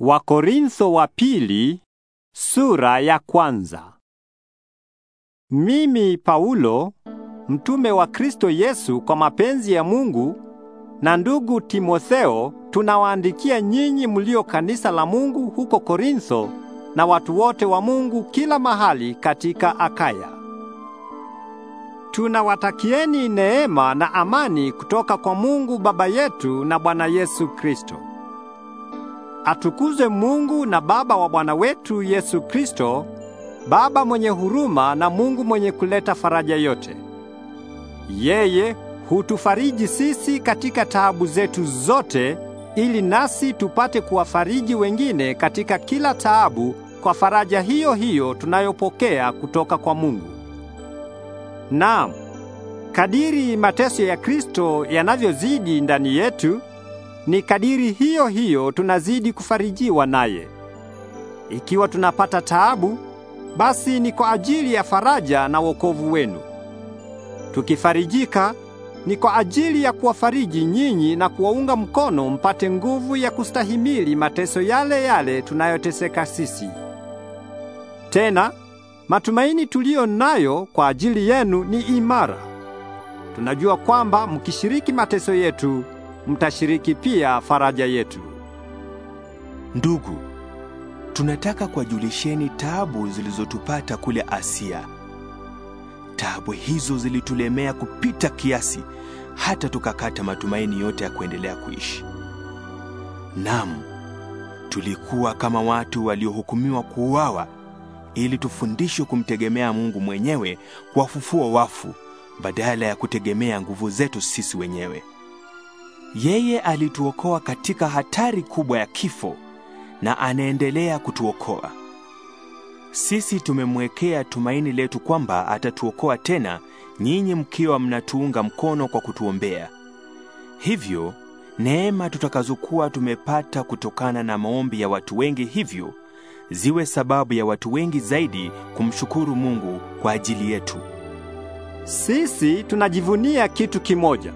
Wakorintho wa pili sura ya kwanza. Mimi Paulo mtume wa Kristo Yesu kwa mapenzi ya Mungu na ndugu Timotheo tunawaandikia nyinyi mlio kanisa la Mungu huko Korintho na watu wote wa Mungu kila mahali katika Akaya. Tunawatakieni neema na amani kutoka kwa Mungu Baba yetu na Bwana Yesu Kristo. Atukuzwe Mungu na Baba wa Bwana wetu Yesu Kristo, Baba mwenye huruma na Mungu mwenye kuleta faraja yote. Yeye hutufariji sisi katika taabu zetu zote ili nasi tupate kuwafariji wengine katika kila taabu kwa faraja hiyo hiyo tunayopokea kutoka kwa Mungu. Naam, kadiri mateso ya Kristo yanavyozidi ndani yetu, ni kadiri hiyo hiyo tunazidi kufarijiwa naye. Ikiwa tunapata taabu, basi ni kwa ajili ya faraja na wokovu wenu. Tukifarijika, ni kwa ajili ya kuwafariji nyinyi na kuwaunga mkono mpate nguvu ya kustahimili mateso yale yale tunayoteseka sisi. Tena matumaini tuliyo nayo kwa ajili yenu ni imara. Tunajua kwamba mkishiriki mateso yetu mtashiriki pia faraja yetu. Ndugu, tunataka kuwajulisheni taabu zilizotupata kule Asia. Taabu hizo zilitulemea kupita kiasi hata tukakata matumaini yote ya kuendelea kuishi. Naam, tulikuwa kama watu waliohukumiwa kuuawa ili tufundishwe kumtegemea Mungu mwenyewe kuwafufua wafu badala ya kutegemea nguvu zetu sisi wenyewe. Yeye alituokoa katika hatari kubwa ya kifo na anaendelea kutuokoa. Sisi tumemwekea tumaini letu kwamba atatuokoa tena, nyinyi mkiwa mnatuunga mkono kwa kutuombea. Hivyo neema tutakazokuwa tumepata kutokana na maombi ya watu wengi, hivyo ziwe sababu ya watu wengi zaidi kumshukuru Mungu kwa ajili yetu. Sisi tunajivunia kitu kimoja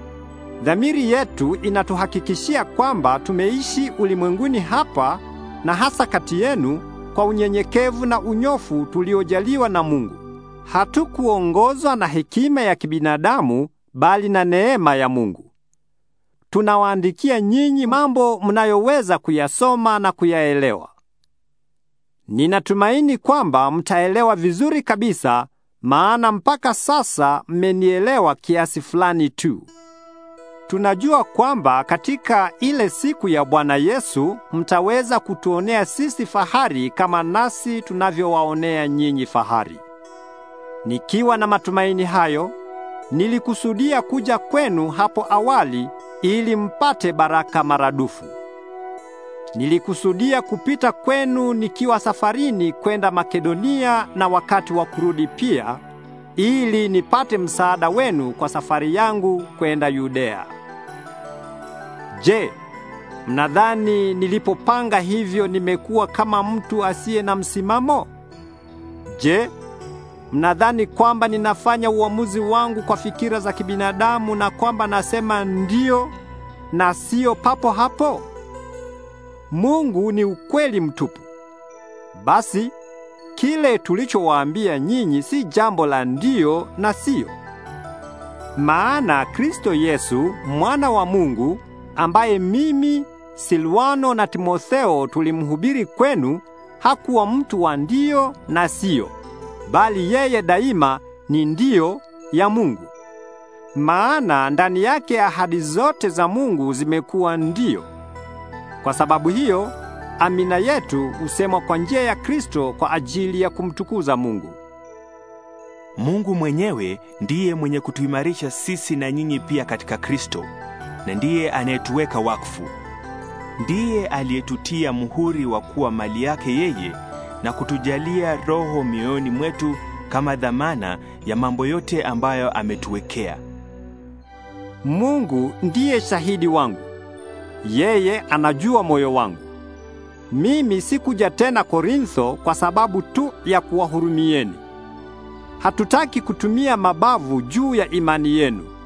Dhamiri yetu inatuhakikishia kwamba tumeishi ulimwenguni hapa na hasa kati yenu kwa unyenyekevu na unyofu tuliojaliwa na Mungu. Hatukuongozwa na hekima ya kibinadamu bali na neema ya Mungu. Tunawaandikia nyinyi mambo mnayoweza kuyasoma na kuyaelewa. Ninatumaini kwamba mtaelewa vizuri kabisa maana mpaka sasa mmenielewa kiasi fulani tu. Tunajua kwamba katika ile siku ya Bwana Yesu mtaweza kutuonea sisi fahari kama nasi tunavyowaonea nyinyi fahari. Nikiwa na matumaini hayo, nilikusudia kuja kwenu hapo awali ili mpate baraka maradufu. Nilikusudia kupita kwenu nikiwa safarini kwenda Makedonia na wakati wa kurudi pia ili nipate msaada wenu kwa safari yangu kwenda Yudea. Je, mnadhani nilipopanga hivyo nimekuwa kama mtu asiye na msimamo? Je, mnadhani kwamba ninafanya uamuzi wangu kwa fikira za kibinadamu na kwamba nasema ndio na sio papo hapo? Mungu ni ukweli mtupu. Basi kile tulichowaambia nyinyi si jambo la ndio na sio. Maana Kristo Yesu mwana wa Mungu ambaye mimi Silwano na Timotheo tulimhubiri kwenu hakuwa mtu wa ndio na sio, bali yeye daima ni ndio ya Mungu. Maana ndani yake ahadi zote za Mungu zimekuwa ndio. Kwa sababu hiyo, amina yetu husemwa kwa njia ya Kristo kwa ajili ya kumtukuza Mungu. Mungu mwenyewe ndiye mwenye kutuimarisha sisi na nyinyi pia katika Kristo na ndiye anayetuweka wakfu. Ndiye aliyetutia muhuri wa kuwa mali yake yeye na kutujalia Roho mioyoni mwetu kama dhamana ya mambo yote ambayo ametuwekea. Mungu ndiye shahidi wangu, yeye anajua moyo wangu. Mimi sikuja tena Korintho kwa sababu tu ya kuwahurumieni. Hatutaki kutumia mabavu juu ya imani yenu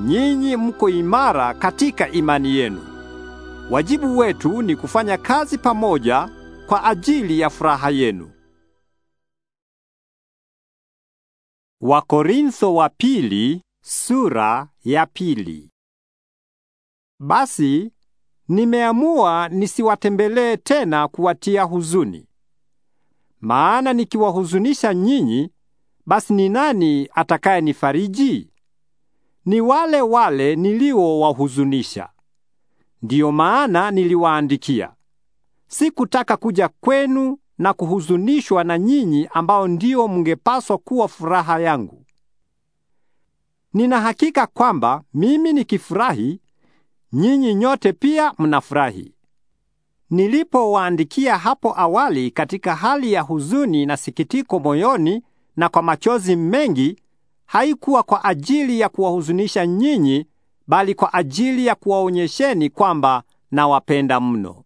nyinyi mko imara katika imani yenu. Wajibu wetu ni kufanya kazi pamoja kwa ajili ya furaha yenu. Wakorintho wa pili sura ya pili. Basi nimeamua nisiwatembelee tena kuwatia huzuni. Maana nikiwahuzunisha nyinyi, basi ni nani atakayenifariji? ni wale wale niliowahuzunisha. Ndiyo maana niliwaandikia. Sikutaka kuja kwenu na kuhuzunishwa na nyinyi ambao ndio mngepaswa kuwa furaha yangu. Nina hakika kwamba mimi nikifurahi, nyinyi nyote pia mnafurahi. Nilipowaandikia hapo awali katika hali ya huzuni na sikitiko moyoni na kwa machozi mengi, haikuwa kwa ajili ya kuwahuzunisha nyinyi, bali kwa ajili ya kuwaonyesheni kwamba nawapenda mno.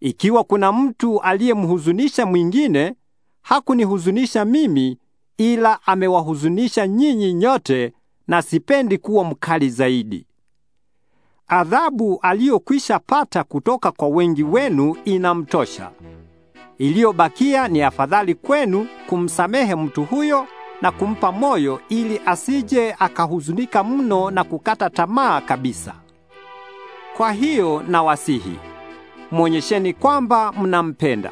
Ikiwa kuna mtu aliyemhuzunisha mwingine, hakunihuzunisha mimi, ila amewahuzunisha nyinyi nyote, na sipendi kuwa mkali zaidi. Adhabu aliyokwisha pata kutoka kwa wengi wenu inamtosha. Iliyobakia ni afadhali kwenu kumsamehe mtu huyo na kumpa moyo ili asije akahuzunika mno na kukata tamaa kabisa. Kwa hiyo nawasihi, mwonyesheni kwamba mnampenda.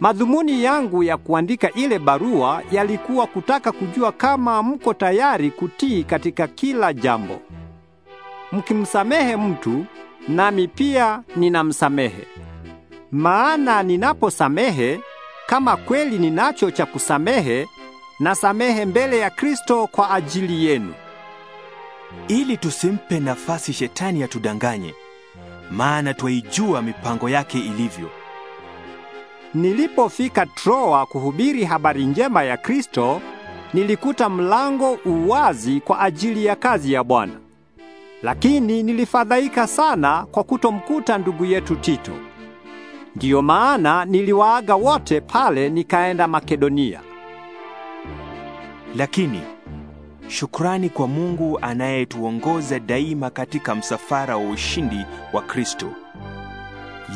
Madhumuni yangu ya kuandika ile barua yalikuwa kutaka kujua kama mko tayari kutii katika kila jambo. Mkimsamehe mtu, nami pia ninamsamehe. Maana ninaposamehe, kama kweli ninacho cha kusamehe, na samehe mbele ya Kristo kwa ajili yenu, ili tusimpe nafasi shetani atudanganye, maana twaijua mipango yake ilivyo. Nilipofika Troa kuhubiri habari njema ya Kristo, nilikuta mlango uwazi kwa ajili ya kazi ya Bwana. Lakini nilifadhaika sana kwa kutomkuta ndugu yetu Tito. Ndiyo maana niliwaaga wote pale nikaenda Makedonia. Lakini shukrani kwa Mungu anayetuongoza daima katika msafara wa ushindi wa Kristo.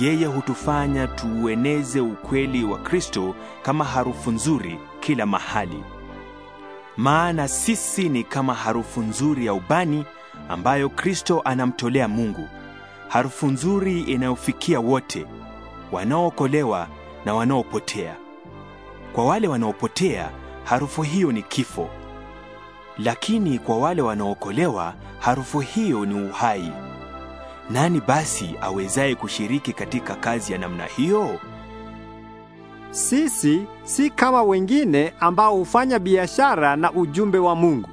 Yeye hutufanya tuueneze ukweli wa Kristo kama harufu nzuri kila mahali. Maana sisi ni kama harufu nzuri ya ubani ambayo Kristo anamtolea Mungu, harufu nzuri inayofikia wote, wanaookolewa na wanaopotea. Kwa wale wanaopotea harufu hiyo ni kifo, lakini kwa wale wanaokolewa harufu hiyo ni uhai. Nani basi awezaye kushiriki katika kazi ya namna hiyo? Sisi si kama wengine ambao hufanya biashara na ujumbe wa Mungu.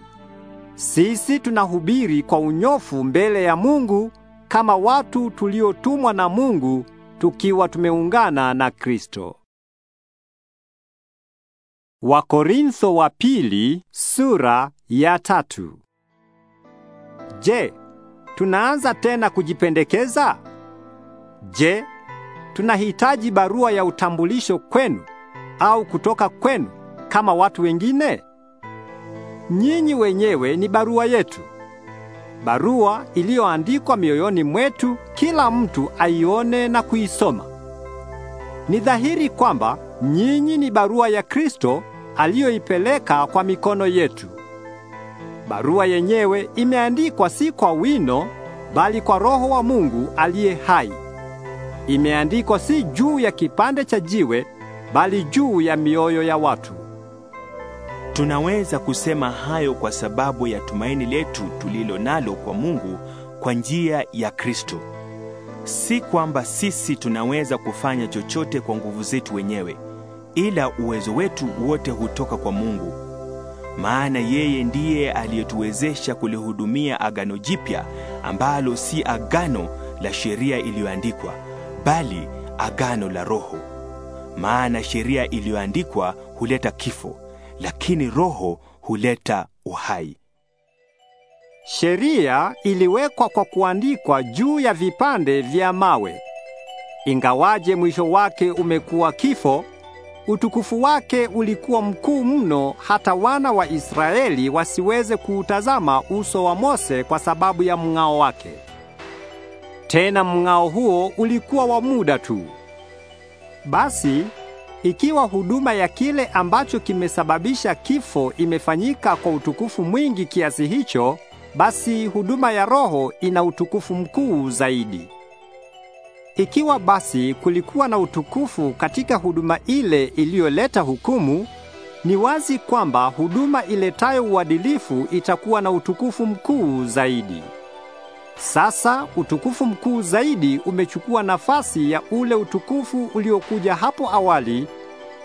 Sisi tunahubiri kwa unyofu mbele ya Mungu kama watu tuliotumwa na Mungu tukiwa tumeungana na Kristo. Wakorintho wa pili sura ya tatu. Je, tunaanza tena kujipendekeza? Je, tunahitaji barua ya utambulisho kwenu au kutoka kwenu kama watu wengine? Nyinyi wenyewe ni barua yetu. Barua iliyoandikwa mioyoni mwetu kila mtu aione na kuisoma. Ni dhahiri kwamba nyinyi ni barua ya Kristo aliyoipeleka kwa mikono yetu. Barua yenyewe imeandikwa si kwa wino, bali kwa Roho wa Mungu aliye hai. Imeandikwa si juu ya kipande cha jiwe, bali juu ya mioyo ya watu. Tunaweza kusema hayo kwa sababu ya tumaini letu tulilo nalo kwa Mungu kwa njia ya Kristo. Si kwamba sisi tunaweza kufanya chochote kwa nguvu zetu wenyewe, ila uwezo wetu wote hutoka kwa Mungu, maana yeye ndiye aliyetuwezesha kulihudumia agano jipya ambalo si agano la sheria iliyoandikwa, bali agano la Roho. Maana sheria iliyoandikwa huleta kifo, lakini Roho huleta uhai. Sheria iliwekwa kwa kuandikwa juu ya vipande vya mawe. Ingawaje mwisho wake umekuwa kifo, utukufu wake ulikuwa mkuu mno hata wana wa Israeli wasiweze kuutazama uso wa Mose kwa sababu ya mng'ao wake. Tena mng'ao huo ulikuwa wa muda tu. Basi ikiwa huduma ya kile ambacho kimesababisha kifo imefanyika kwa utukufu mwingi kiasi hicho, basi huduma ya Roho ina utukufu mkuu zaidi. Ikiwa basi kulikuwa na utukufu katika huduma ile iliyoleta hukumu, ni wazi kwamba huduma iletayo uadilifu itakuwa na utukufu mkuu zaidi. Sasa utukufu mkuu zaidi umechukua nafasi ya ule utukufu uliokuja hapo awali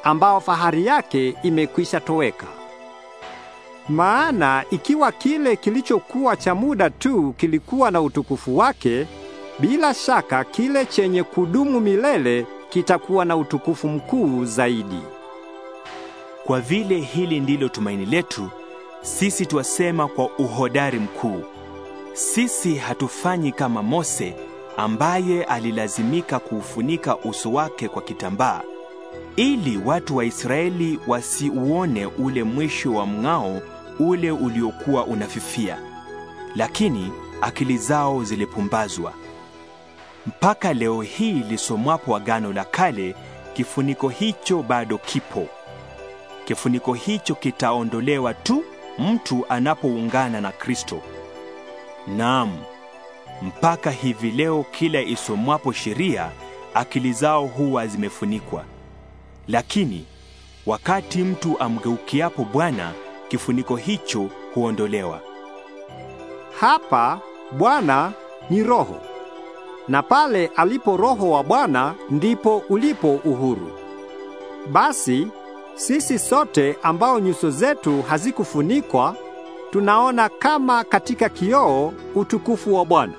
ambao fahari yake imekwisha toweka. Maana ikiwa kile kilichokuwa cha muda tu kilikuwa na utukufu wake, bila shaka kile chenye kudumu milele kitakuwa na utukufu mkuu zaidi. Kwa vile hili ndilo tumaini letu, sisi twasema kwa uhodari mkuu. Sisi hatufanyi kama Mose ambaye alilazimika kuufunika uso wake kwa kitambaa ili watu wa Israeli wasiuone ule mwisho wa mng'ao ule uliokuwa unafifia, lakini akili zao zilipumbazwa. Mpaka leo hii lisomwapo Agano la Kale, kifuniko hicho bado kipo. Kifuniko hicho kitaondolewa tu mtu anapoungana na Kristo. Naam, mpaka hivi leo kila isomwapo sheria, akili zao huwa zimefunikwa. Lakini wakati mtu amgeukiapo Bwana kifuniko hicho huondolewa. Hapa Bwana ni Roho, na pale alipo Roho wa Bwana ndipo ulipo uhuru. Basi sisi sote ambao nyuso zetu hazikufunikwa tunaona kama katika kioo utukufu wa Bwana,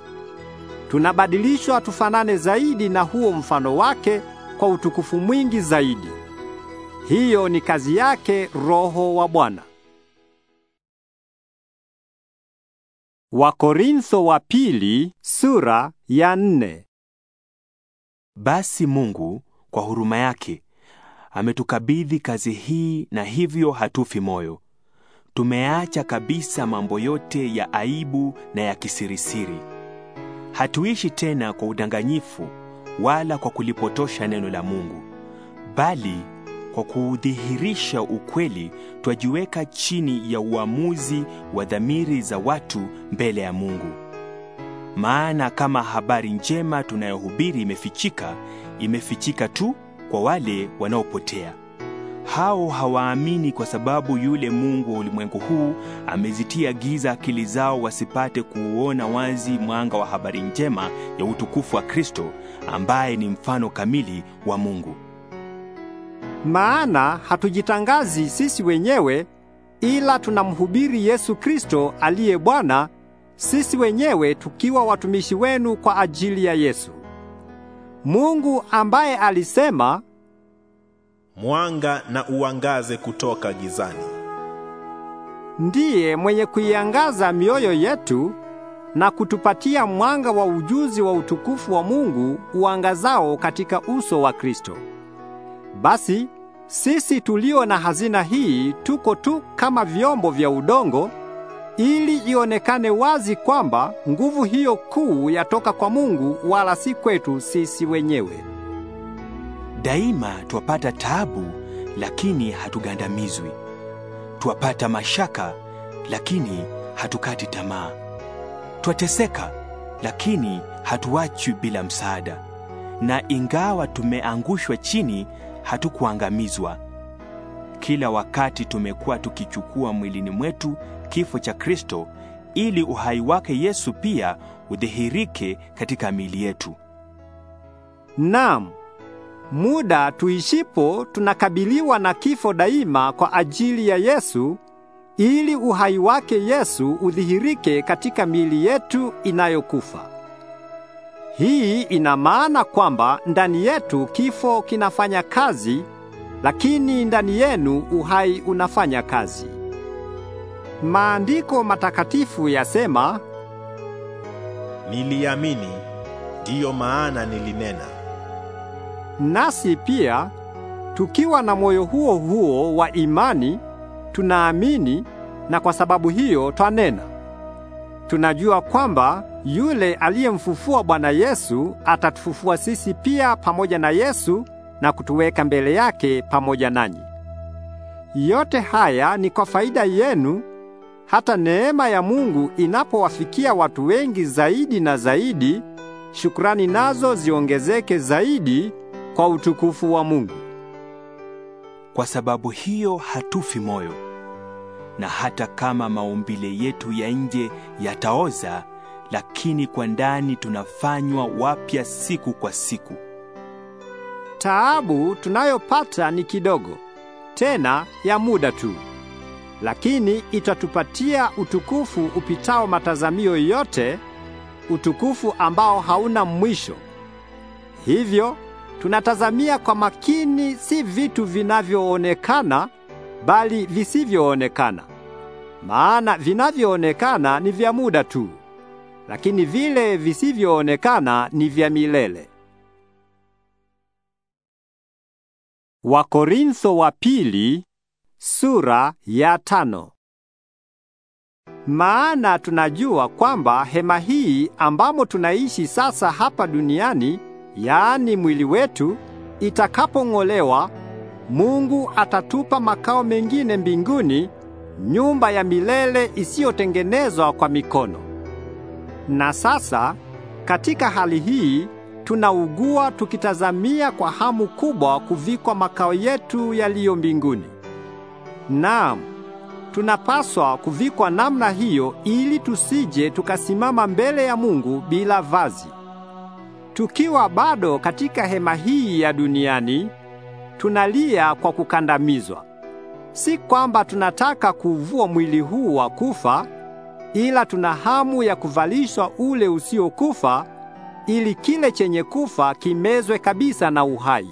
tunabadilishwa tufanane zaidi na huo mfano wake kwa utukufu mwingi zaidi. Hiyo ni kazi yake Roho wa Bwana. Wakorintho wa pili sura ya nne. Basi Mungu kwa huruma yake ametukabidhi kazi hii na hivyo hatufi moyo. Tumeacha kabisa mambo yote ya aibu na ya kisirisiri. Hatuishi tena kwa udanganyifu wala kwa kulipotosha neno la Mungu. Bali kwa kuudhihirisha ukweli, twajiweka chini ya uamuzi wa dhamiri za watu mbele ya Mungu. Maana kama habari njema tunayohubiri imefichika, imefichika tu kwa wale wanaopotea. Hao hawaamini kwa sababu yule mungu wa ulimwengu huu amezitia giza akili zao wasipate kuuona wazi mwanga wa habari njema ya utukufu wa Kristo ambaye ni mfano kamili wa Mungu maana hatujitangazi sisi wenyewe, ila tunamhubiri Yesu Kristo aliye Bwana, sisi wenyewe tukiwa watumishi wenu kwa ajili ya Yesu. Mungu ambaye alisema, mwanga na uangaze kutoka gizani, ndiye mwenye kuiangaza mioyo yetu na kutupatia mwanga wa ujuzi wa utukufu wa Mungu uangazao katika uso wa Kristo. Basi sisi tulio na hazina hii tuko tu kama vyombo vya udongo ili ionekane wazi kwamba nguvu hiyo kuu yatoka kwa Mungu wala si kwetu sisi wenyewe. Daima twapata taabu lakini hatugandamizwi. Twapata mashaka lakini hatukati tamaa. Twateseka lakini hatuachwi bila msaada. Na ingawa tumeangushwa chini hatukuangamizwa. Kila wakati tumekuwa tukichukua mwilini mwetu kifo cha Kristo ili uhai wake Yesu pia udhihirike katika miili yetu. Naam, muda tuishipo tunakabiliwa na kifo daima kwa ajili ya Yesu ili uhai wake Yesu udhihirike katika miili yetu inayokufa. Hii ina maana kwamba ndani yetu kifo kinafanya kazi, lakini ndani yenu uhai unafanya kazi. Maandiko matakatifu yasema, niliamini, ndiyo maana nilinena. Nasi pia tukiwa na moyo huo huo wa imani, tunaamini na kwa sababu hiyo twanena. Tunajua kwamba yule aliyemfufua Bwana Yesu atatufufua sisi pia pamoja na Yesu na kutuweka mbele yake pamoja nanyi. Yote haya ni kwa faida yenu, hata neema ya Mungu inapowafikia watu wengi zaidi na zaidi, shukrani nazo ziongezeke zaidi kwa utukufu wa Mungu. Kwa sababu hiyo hatufi moyo, na hata kama maumbile yetu ya nje yataoza lakini kwa ndani tunafanywa wapya siku kwa siku. Taabu tunayopata ni kidogo, tena ya muda tu, lakini itatupatia utukufu upitao matazamio yote, utukufu ambao hauna mwisho. Hivyo tunatazamia kwa makini, si vitu vinavyoonekana, bali visivyoonekana, maana vinavyoonekana ni vya muda tu lakini vile visivyoonekana ni vya milele. Wakorintho wa pili sura ya tano. Maana tunajua kwamba hema hii ambamo tunaishi sasa hapa duniani, yaani mwili wetu, itakapong'olewa, Mungu atatupa makao mengine mbinguni, nyumba ya milele isiyotengenezwa kwa mikono. Na sasa katika hali hii tunaugua tukitazamia kwa hamu kubwa kuvikwa makao yetu yaliyo mbinguni. Naam, tunapaswa kuvikwa namna hiyo ili tusije tukasimama mbele ya Mungu bila vazi. Tukiwa bado katika hema hii ya duniani, tunalia kwa kukandamizwa. Si kwamba tunataka kuuvua mwili huu wa kufa ila tuna hamu ya kuvalishwa ule usiokufa ili kile chenye kufa kimezwe kabisa na uhai.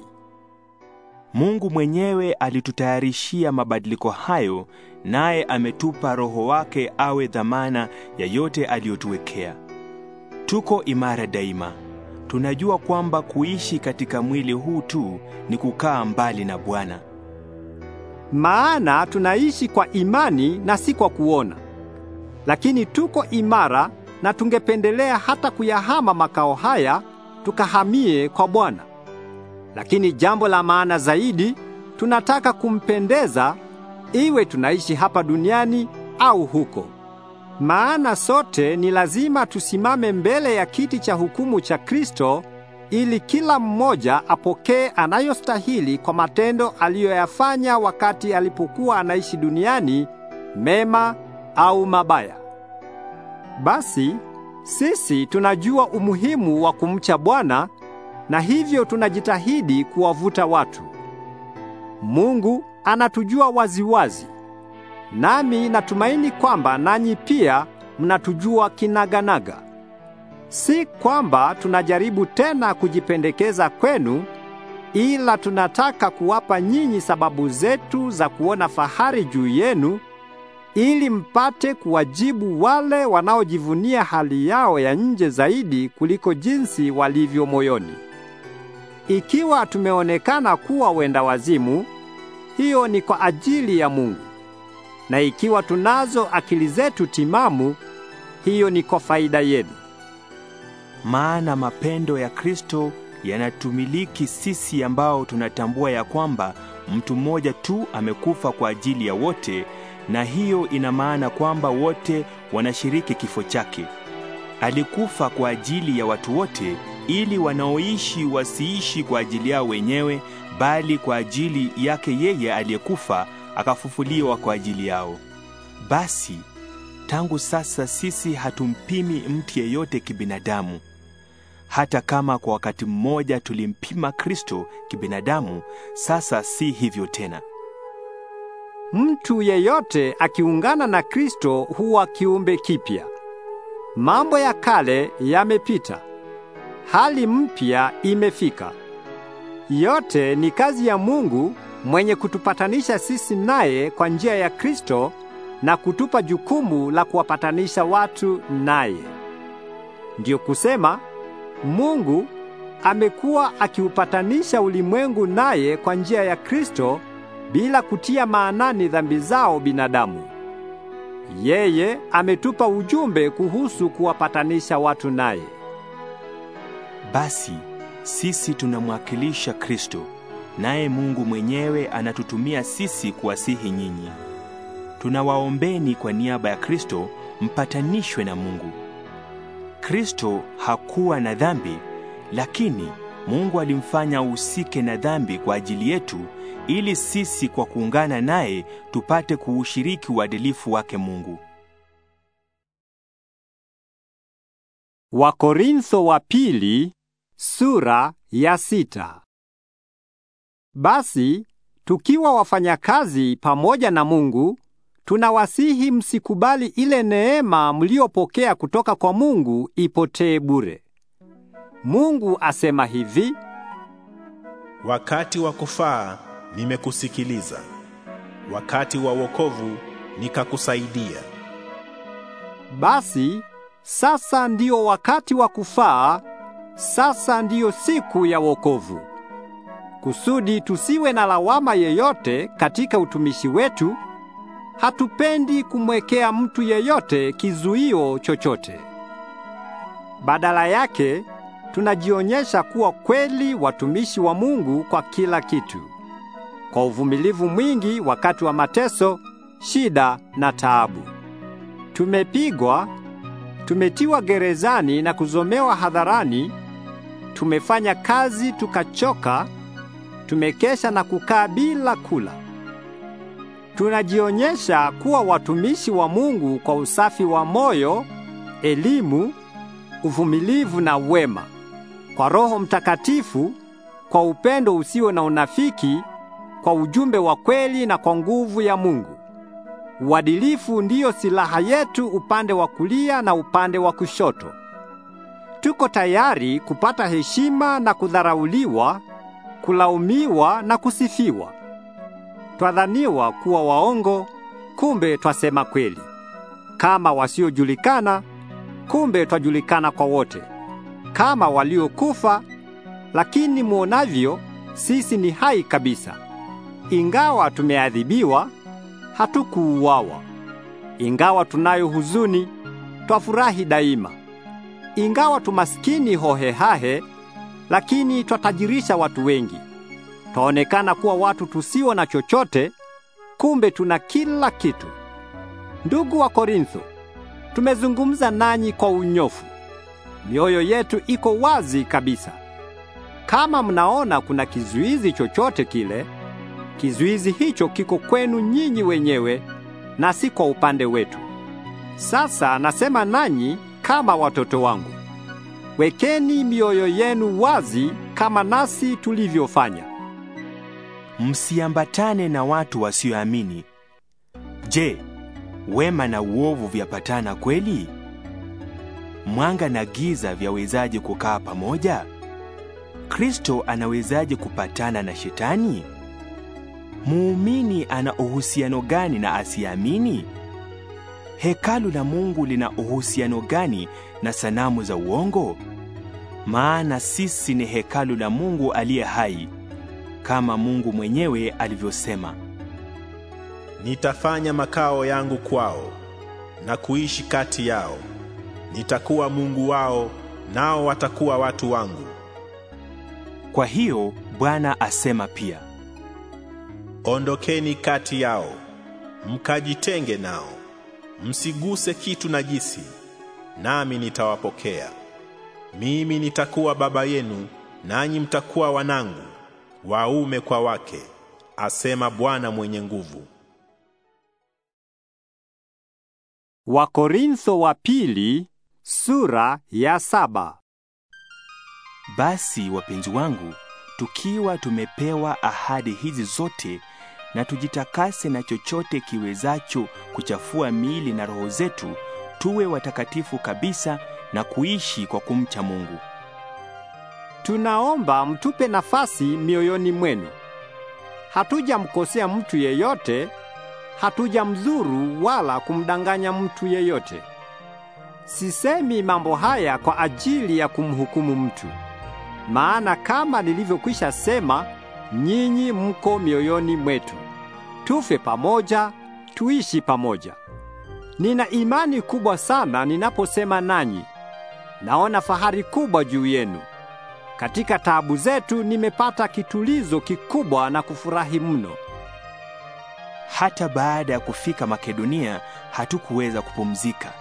Mungu mwenyewe alitutayarishia mabadiliko hayo, naye ametupa Roho wake awe dhamana ya yote aliyotuwekea. Tuko imara daima. Tunajua kwamba kuishi katika mwili huu tu ni kukaa mbali na Bwana. Maana tunaishi kwa imani na si kwa kuona lakini tuko imara na tungependelea hata kuyahama makao haya tukahamie kwa Bwana. Lakini jambo la maana zaidi, tunataka kumpendeza iwe tunaishi hapa duniani au huko. Maana sote ni lazima tusimame mbele ya kiti cha hukumu cha Kristo ili kila mmoja apokee anayostahili kwa matendo aliyoyafanya wakati alipokuwa anaishi duniani, mema au mabaya. Basi sisi tunajua umuhimu wa kumcha Bwana na hivyo tunajitahidi kuwavuta watu. Mungu anatujua waziwazi. Nami natumaini kwamba nanyi pia mnatujua kinaganaga. Si kwamba tunajaribu tena kujipendekeza kwenu, ila tunataka kuwapa nyinyi sababu zetu za kuona fahari juu yenu ili mpate kuwajibu wale wanaojivunia hali yao ya nje zaidi kuliko jinsi walivyo moyoni. Ikiwa tumeonekana kuwa wenda wazimu, hiyo ni kwa ajili ya Mungu. Na ikiwa tunazo akili zetu timamu, hiyo ni kwa faida yenu. Maana mapendo ya Kristo yanatumiliki sisi ambao tunatambua ya kwamba mtu mmoja tu amekufa kwa ajili ya wote na hiyo ina maana kwamba wote wanashiriki kifo chake. Alikufa kwa ajili ya watu wote, ili wanaoishi wasiishi kwa ajili yao wenyewe, bali kwa ajili yake yeye aliyekufa akafufuliwa kwa ajili yao. Basi tangu sasa sisi hatumpimi mtu yeyote kibinadamu. Hata kama kwa wakati mmoja tulimpima Kristo kibinadamu, sasa si hivyo tena. Mtu yeyote akiungana na Kristo huwa kiumbe kipya. Mambo ya kale yamepita. Hali mpya imefika. Yote ni kazi ya Mungu mwenye kutupatanisha sisi naye kwa njia ya Kristo na kutupa jukumu la kuwapatanisha watu naye. Ndiyo kusema Mungu amekuwa akiupatanisha ulimwengu naye kwa njia ya Kristo bila kutia maanani dhambi zao binadamu. Yeye ametupa ujumbe kuhusu kuwapatanisha watu naye. Basi sisi tunamwakilisha Kristo, naye Mungu mwenyewe anatutumia sisi kuwasihi nyinyi. Tunawaombeni kwa niaba ya Kristo Mpatanishwe na Mungu. Kristo hakuwa na dhambi, lakini Mungu alimfanya ahusike na dhambi kwa ajili yetu ili sisi kwa kuungana naye tupate kuushiriki uadilifu wake Mungu. Wakorintho wa pili sura ya sita. Basi tukiwa wafanyakazi pamoja na Mungu, tunawasihi msikubali ile neema mliyopokea kutoka kwa Mungu ipotee bure. Mungu asema hivi: wakati wa kufaa nimekusikiliza, wakati wa wokovu nikakusaidia. Basi sasa ndio wakati wa kufaa, sasa ndiyo siku ya wokovu, kusudi tusiwe na lawama yeyote katika utumishi wetu. Hatupendi kumwekea mtu yeyote kizuio chochote. Badala yake tunajionyesha kuwa kweli watumishi wa Mungu kwa kila kitu kwa uvumilivu mwingi wakati wa mateso, shida na taabu. Tumepigwa, tumetiwa gerezani na kuzomewa hadharani, tumefanya kazi tukachoka, tumekesha na kukaa bila kula. Tunajionyesha kuwa watumishi wa Mungu kwa usafi wa moyo, elimu, uvumilivu na wema, kwa Roho Mtakatifu, kwa upendo usio na unafiki kwa ujumbe wa kweli na kwa nguvu ya Mungu. Uadilifu ndiyo silaha yetu upande wa kulia na upande wa kushoto. Tuko tayari kupata heshima na kudharauliwa, kulaumiwa na kusifiwa. Twadhaniwa kuwa waongo, kumbe twasema kweli. Kama wasiojulikana, kumbe twajulikana kwa wote. Kama waliokufa, lakini mwonavyo sisi ni hai kabisa. Ingawa tumeadhibiwa, hatukuuawa. Ingawa tunayo huzuni, twafurahi daima. Ingawa tumaskini hohehahe, lakini twatajirisha watu wengi. Twaonekana kuwa watu tusio na chochote, kumbe tuna kila kitu. Ndugu wa Korintho, tumezungumza nanyi kwa unyofu. Mioyo yetu iko wazi kabisa. Kama mnaona kuna kizuizi chochote kile Kizuizi hicho kiko kwenu nyinyi wenyewe na si kwa upande wetu. Sasa nasema nanyi kama watoto wangu. Wekeni mioyo yenu wazi kama nasi tulivyofanya. Msiambatane na watu wasioamini. Je, wema na uovu vyapatana kweli? Mwanga na giza vyawezaje kukaa pamoja? Kristo anawezaje kupatana na Shetani? muumini ana uhusiano gani na asiamini? Hekalu la Mungu lina uhusiano gani na sanamu za uongo? Maana sisi ni hekalu la Mungu aliye hai, kama Mungu mwenyewe alivyosema, nitafanya makao yangu kwao na kuishi kati yao, nitakuwa Mungu wao, nao watakuwa watu wangu. Kwa hiyo Bwana asema pia ondokeni kati yao, mkajitenge nao, msiguse kitu najisi, nami nitawapokea. Mimi nitakuwa baba yenu, nanyi mtakuwa wanangu, waume kwa wake, asema Bwana mwenye nguvu. Wakorintho wa pili sura ya saba. Basi wapenzi wangu, tukiwa tumepewa ahadi hizi zote na tujitakase na chochote kiwezacho kuchafua miili na roho zetu, tuwe watakatifu kabisa na kuishi kwa kumcha Mungu. Tunaomba mtupe nafasi mioyoni mwenu. Hatujamkosea mtu yeyote, hatujamdhuru wala kumdanganya mtu yeyote. Sisemi mambo haya kwa ajili ya kumhukumu mtu. Maana kama nilivyokwisha sema, nyinyi mko mioyoni mwetu tufe pamoja, tuishi pamoja. Nina imani kubwa sana ninaposema nanyi. Naona fahari kubwa juu yenu. Katika taabu zetu nimepata kitulizo kikubwa na kufurahi mno. Hata baada ya kufika Makedonia hatukuweza kupumzika.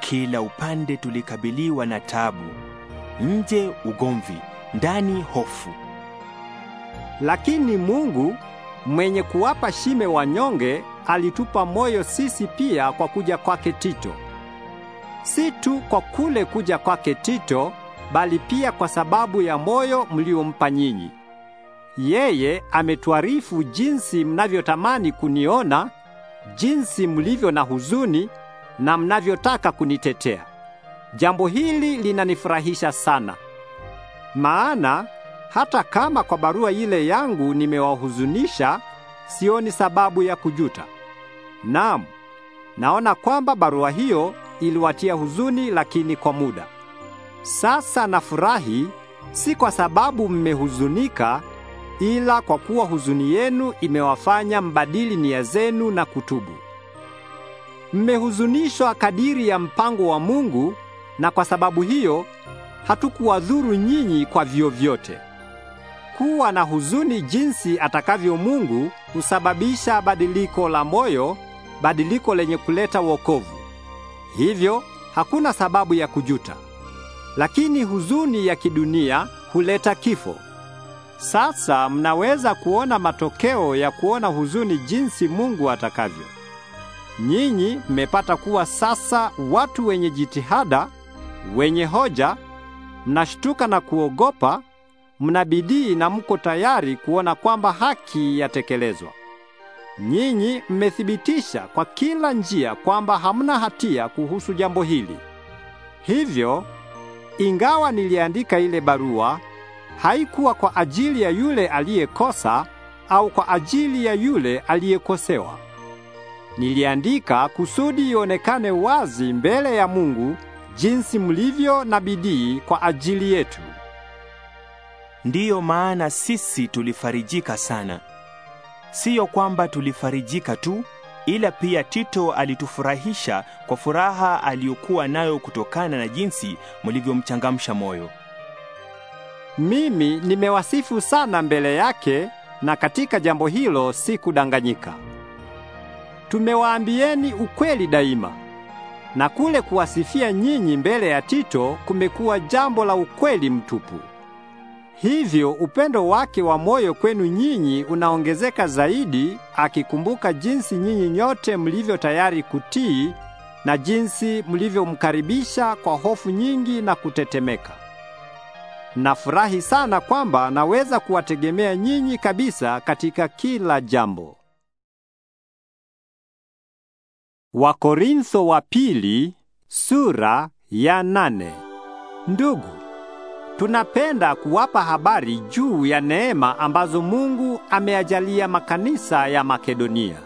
Kila upande tulikabiliwa na taabu, nje ugomvi, ndani hofu. Lakini Mungu mwenye kuwapa shime wanyonge, alitupa moyo sisi pia kwa kuja kwake Tito. Si tu kwa kule kuja kwake Tito, bali pia kwa sababu ya moyo mliompa nyinyi. Yeye ametuarifu jinsi mnavyotamani kuniona, jinsi mlivyo na huzuni na mnavyotaka kunitetea. Jambo hili linanifurahisha sana. Maana hata kama kwa barua ile yangu nimewahuzunisha, sioni sababu ya kujuta. Naam, naona kwamba barua hiyo iliwatia huzuni, lakini kwa muda. Sasa nafurahi si kwa sababu mmehuzunika, ila kwa kuwa huzuni yenu imewafanya mbadili nia zenu na kutubu. Mmehuzunishwa kadiri ya mpango wa Mungu, na kwa sababu hiyo hatukuwadhuru nyinyi kwa vyovyote kuwa na huzuni jinsi atakavyo Mungu husababisha badiliko la moyo, badiliko lenye kuleta wokovu. Hivyo hakuna sababu ya kujuta. Lakini huzuni ya kidunia huleta kifo. Sasa mnaweza kuona matokeo ya kuona huzuni jinsi Mungu atakavyo. Nyinyi mmepata kuwa sasa watu wenye jitihada, wenye hoja, mnashtuka na kuogopa mna bidii na mko tayari kuona kwamba haki yatekelezwa. Nyinyi mmethibitisha kwa kila njia kwamba hamna hatia kuhusu jambo hili. Hivyo, ingawa niliandika ile barua, haikuwa kwa ajili ya yule aliyekosa au kwa ajili ya yule aliyekosewa. Niliandika kusudi ionekane wazi mbele ya Mungu jinsi mlivyo na bidii kwa ajili yetu. Ndiyo maana sisi tulifarijika sana. Siyo kwamba tulifarijika tu, ila pia Tito alitufurahisha kwa furaha aliyokuwa nayo kutokana na jinsi mulivyomchangamsha moyo. Mimi nimewasifu sana mbele yake na katika jambo hilo sikudanganyika. Tumewaambieni ukweli daima. Na kule kuwasifia nyinyi mbele ya Tito kumekuwa jambo la ukweli mtupu. Hivyo upendo wake wa moyo kwenu nyinyi unaongezeka zaidi, akikumbuka jinsi nyinyi nyote mlivyo tayari kutii na jinsi mlivyomkaribisha kwa hofu nyingi na kutetemeka. Nafurahi sana kwamba naweza kuwategemea nyinyi kabisa katika kila jambo. Wakorintho wa pili sura ya nane. Ndugu Tunapenda kuwapa habari juu ya neema ambazo Mungu ameajalia makanisa ya Makedonia.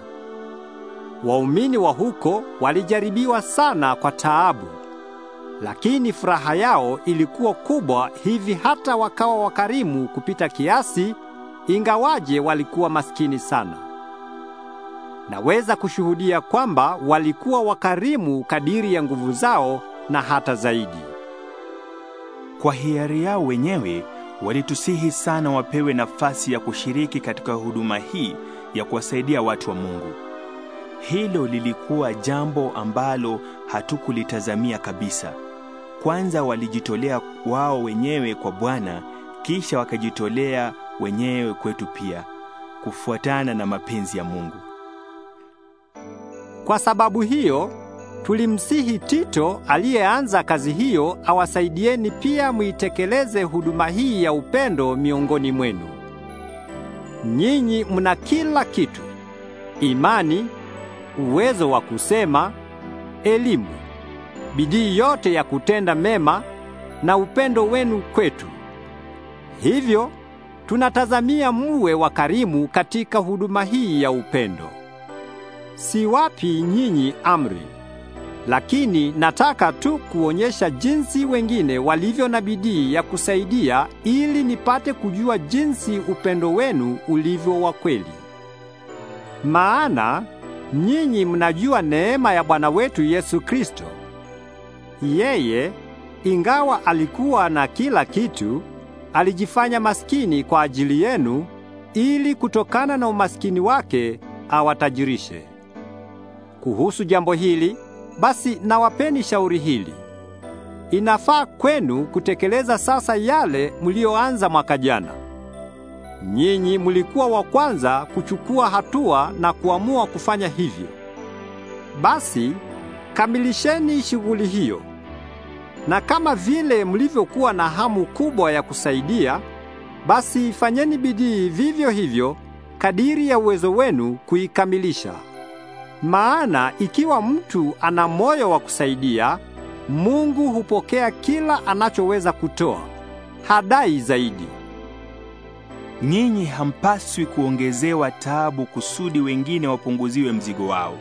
Waumini wa huko walijaribiwa sana kwa taabu, lakini furaha yao ilikuwa kubwa hivi hata wakawa wakarimu kupita kiasi, ingawaje walikuwa maskini sana. Naweza kushuhudia kwamba walikuwa wakarimu kadiri ya nguvu zao na hata zaidi kwa hiari yao wenyewe walitusihi sana wapewe nafasi ya kushiriki katika huduma hii ya kuwasaidia watu wa Mungu. Hilo lilikuwa jambo ambalo hatukulitazamia kabisa. Kwanza walijitolea wao wenyewe kwa Bwana, kisha wakajitolea wenyewe kwetu pia, kufuatana na mapenzi ya Mungu. Kwa sababu hiyo Tulimsihi Tito aliyeanza kazi hiyo awasaidieni pia muitekeleze huduma hii ya upendo miongoni mwenu. Nyinyi mna kila kitu: imani, uwezo wa kusema, elimu, bidii yote ya kutenda mema na upendo wenu kwetu. Hivyo tunatazamia muwe wakarimu katika huduma hii ya upendo. Si wapi nyinyi amri lakini nataka tu kuonyesha jinsi wengine walivyo na bidii ya kusaidia ili nipate kujua jinsi upendo wenu ulivyo wa kweli. Maana nyinyi mnajua neema ya Bwana wetu Yesu Kristo. Yeye ingawa alikuwa na kila kitu, alijifanya maskini kwa ajili yenu ili kutokana na umaskini wake awatajirishe. Kuhusu jambo hili basi nawapeni shauri hili. Inafaa kwenu kutekeleza sasa yale mlioanza mwaka jana. Nyinyi mlikuwa wa kwanza kuchukua hatua na kuamua kufanya hivyo. Basi kamilisheni shughuli hiyo. Na kama vile mlivyokuwa na hamu kubwa ya kusaidia, basi fanyeni bidii vivyo hivyo kadiri ya uwezo wenu kuikamilisha. Maana ikiwa mtu ana moyo wa kusaidia, Mungu hupokea kila anachoweza kutoa, hadai zaidi. Nyinyi hampaswi kuongezewa taabu kusudi wengine wapunguziwe mzigo wao.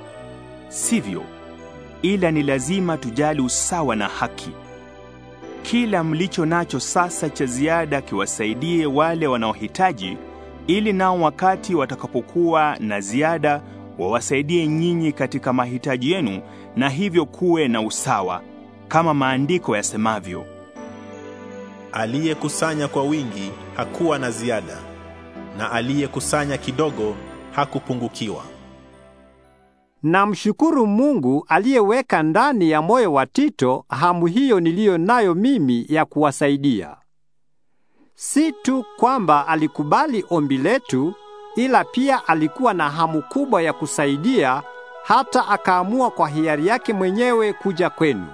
Sivyo, ila ni lazima tujali usawa na haki. Kila mlicho nacho sasa cha ziada kiwasaidie wale wanaohitaji, ili nao wakati watakapokuwa na ziada wawasaidie nyinyi katika mahitaji yenu, na hivyo kuwe na usawa, kama maandiko yasemavyo, aliyekusanya kwa wingi hakuwa na ziada, na aliyekusanya kidogo hakupungukiwa. Namshukuru Mungu aliyeweka ndani ya moyo wa Tito hamu hiyo niliyo nayo mimi ya kuwasaidia. Si tu kwamba alikubali ombi letu, ila pia alikuwa na hamu kubwa ya kusaidia, hata akaamua kwa hiari yake mwenyewe kuja kwenu.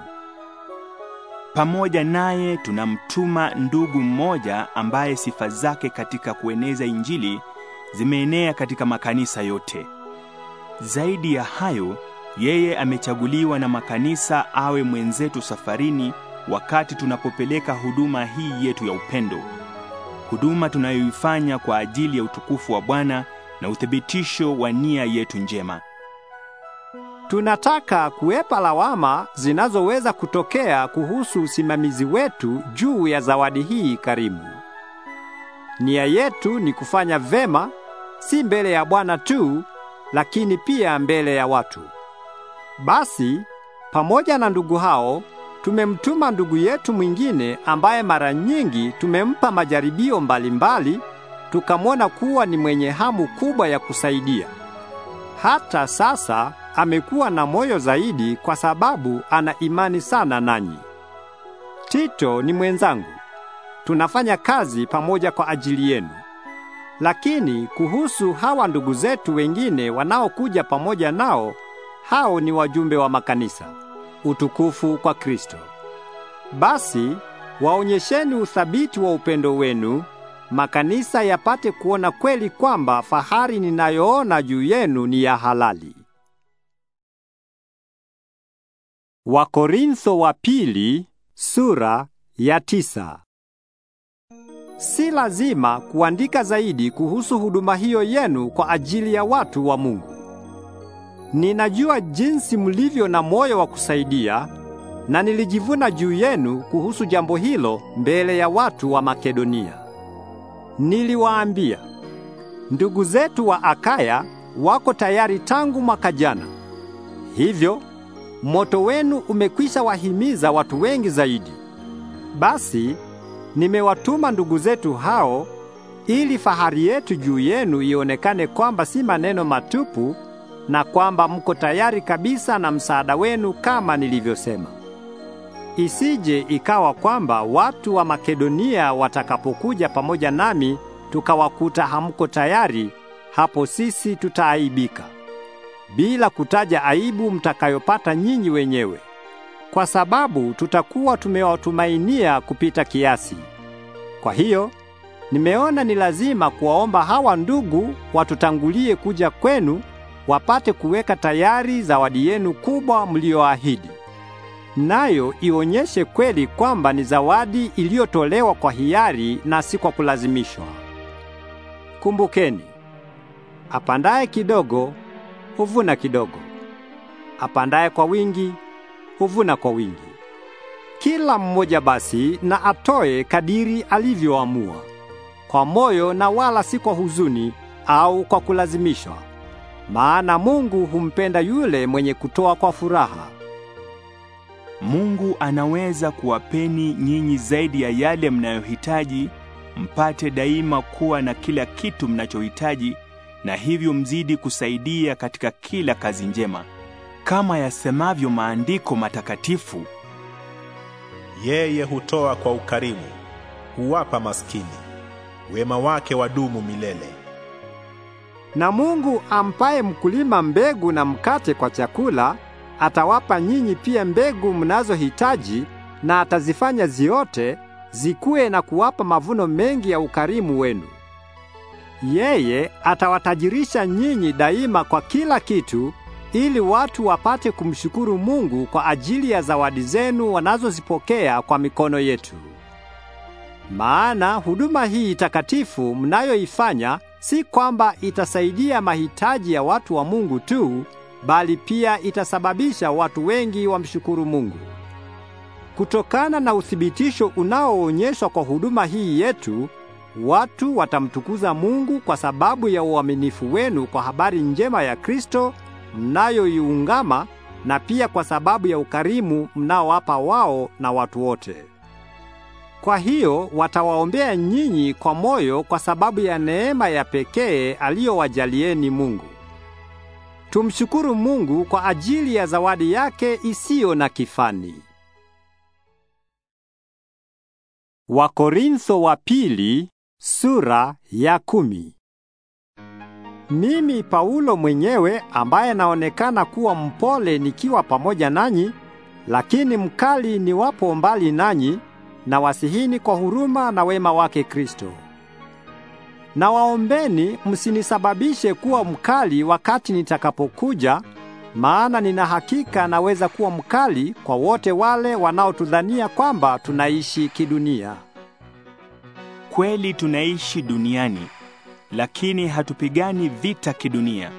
Pamoja naye tunamtuma ndugu mmoja ambaye sifa zake katika kueneza Injili zimeenea katika makanisa yote. Zaidi ya hayo, yeye amechaguliwa na makanisa awe mwenzetu safarini wakati tunapopeleka huduma hii yetu ya upendo huduma tunayoifanya kwa ajili ya utukufu wa Bwana na uthibitisho wa nia yetu njema. Tunataka kuepa lawama zinazoweza kutokea kuhusu usimamizi wetu juu ya zawadi hii karimu. Nia yetu ni kufanya vema, si mbele ya Bwana tu, lakini pia mbele ya watu. Basi pamoja na ndugu hao tumemtuma ndugu yetu mwingine ambaye mara nyingi tumempa majaribio mbalimbali, tukamwona kuwa ni mwenye hamu kubwa ya kusaidia. Hata sasa amekuwa na moyo zaidi kwa sababu ana imani sana nanyi. Tito ni mwenzangu. Tunafanya kazi pamoja kwa ajili yenu. Lakini kuhusu hawa ndugu zetu wengine wanaokuja pamoja nao, hao ni wajumbe wa makanisa utukufu kwa Kristo. Basi waonyesheni uthabiti wa upendo wenu, makanisa yapate kuona kweli kwamba fahari ninayoona juu yenu ni ya halali. Wakorintho wa pili sura ya tisa. Si lazima kuandika zaidi kuhusu huduma hiyo yenu kwa ajili ya watu wa Mungu. Ninajua jinsi mlivyo na moyo wa kusaidia na nilijivuna juu yenu kuhusu jambo hilo mbele ya watu wa Makedonia. Niliwaambia, ndugu zetu wa Akaya wako tayari tangu mwaka jana. Hivyo moto wenu umekwisha wahimiza watu wengi zaidi. Basi nimewatuma ndugu zetu hao ili fahari yetu juu yenu ionekane kwamba si maneno matupu na kwamba mko tayari kabisa na msaada wenu kama nilivyosema. Isije ikawa kwamba watu wa Makedonia watakapokuja pamoja nami tukawakuta hamko tayari, hapo sisi tutaaibika. Bila kutaja aibu mtakayopata nyinyi wenyewe. Kwa sababu tutakuwa tumewatumainia kupita kiasi. Kwa hiyo nimeona ni lazima kuwaomba hawa ndugu watutangulie kuja kwenu wapate kuweka tayari zawadi yenu kubwa mlioahidi, nayo ionyeshe kweli kwamba ni zawadi iliyotolewa kwa hiari na si kwa kulazimishwa. Kumbukeni, apandaye kidogo huvuna kidogo, apandaye kwa wingi huvuna kwa wingi. Kila mmoja basi na atoe kadiri alivyoamua, kwa moyo na wala si kwa huzuni au kwa kulazimishwa maana Mungu humpenda yule mwenye kutoa kwa furaha. Mungu anaweza kuwapeni nyinyi zaidi ya yale mnayohitaji, mpate daima kuwa na kila kitu mnachohitaji, na hivyo mzidi kusaidia katika kila kazi njema, kama yasemavyo maandiko matakatifu: yeye hutoa kwa ukarimu, huwapa maskini, wema wake wadumu milele. Na Mungu ampaye mkulima mbegu na mkate kwa chakula, atawapa nyinyi pia mbegu mnazohitaji na atazifanya ziote zikue na kuwapa mavuno mengi ya ukarimu wenu. Yeye atawatajirisha nyinyi daima kwa kila kitu ili watu wapate kumshukuru Mungu kwa ajili ya zawadi zenu wanazozipokea kwa mikono yetu. Maana huduma hii takatifu mnayoifanya si kwamba itasaidia mahitaji ya watu wa Mungu tu, bali pia itasababisha watu wengi wamshukuru Mungu. Kutokana na uthibitisho unaoonyeshwa kwa huduma hii yetu, watu watamtukuza Mungu kwa sababu ya uaminifu wenu kwa habari njema ya Kristo mnayoiungama na pia kwa sababu ya ukarimu mnaowapa wao na watu wote. Kwa hiyo watawaombea nyinyi kwa moyo kwa sababu ya neema ya pekee aliyowajalieni Mungu. Tumshukuru Mungu kwa ajili ya zawadi yake isiyo na kifani. Wakorintho wa pili sura ya kumi. Mimi Paulo mwenyewe ambaye naonekana kuwa mpole nikiwa pamoja nanyi, lakini mkali niwapo mbali nanyi na wasihini kwa huruma na wema wake Kristo. Na waombeni msinisababishe kuwa mkali wakati nitakapokuja, maana nina hakika naweza kuwa mkali kwa wote wale wanaotudhania kwamba tunaishi kidunia. Kweli tunaishi duniani, lakini hatupigani vita kidunia.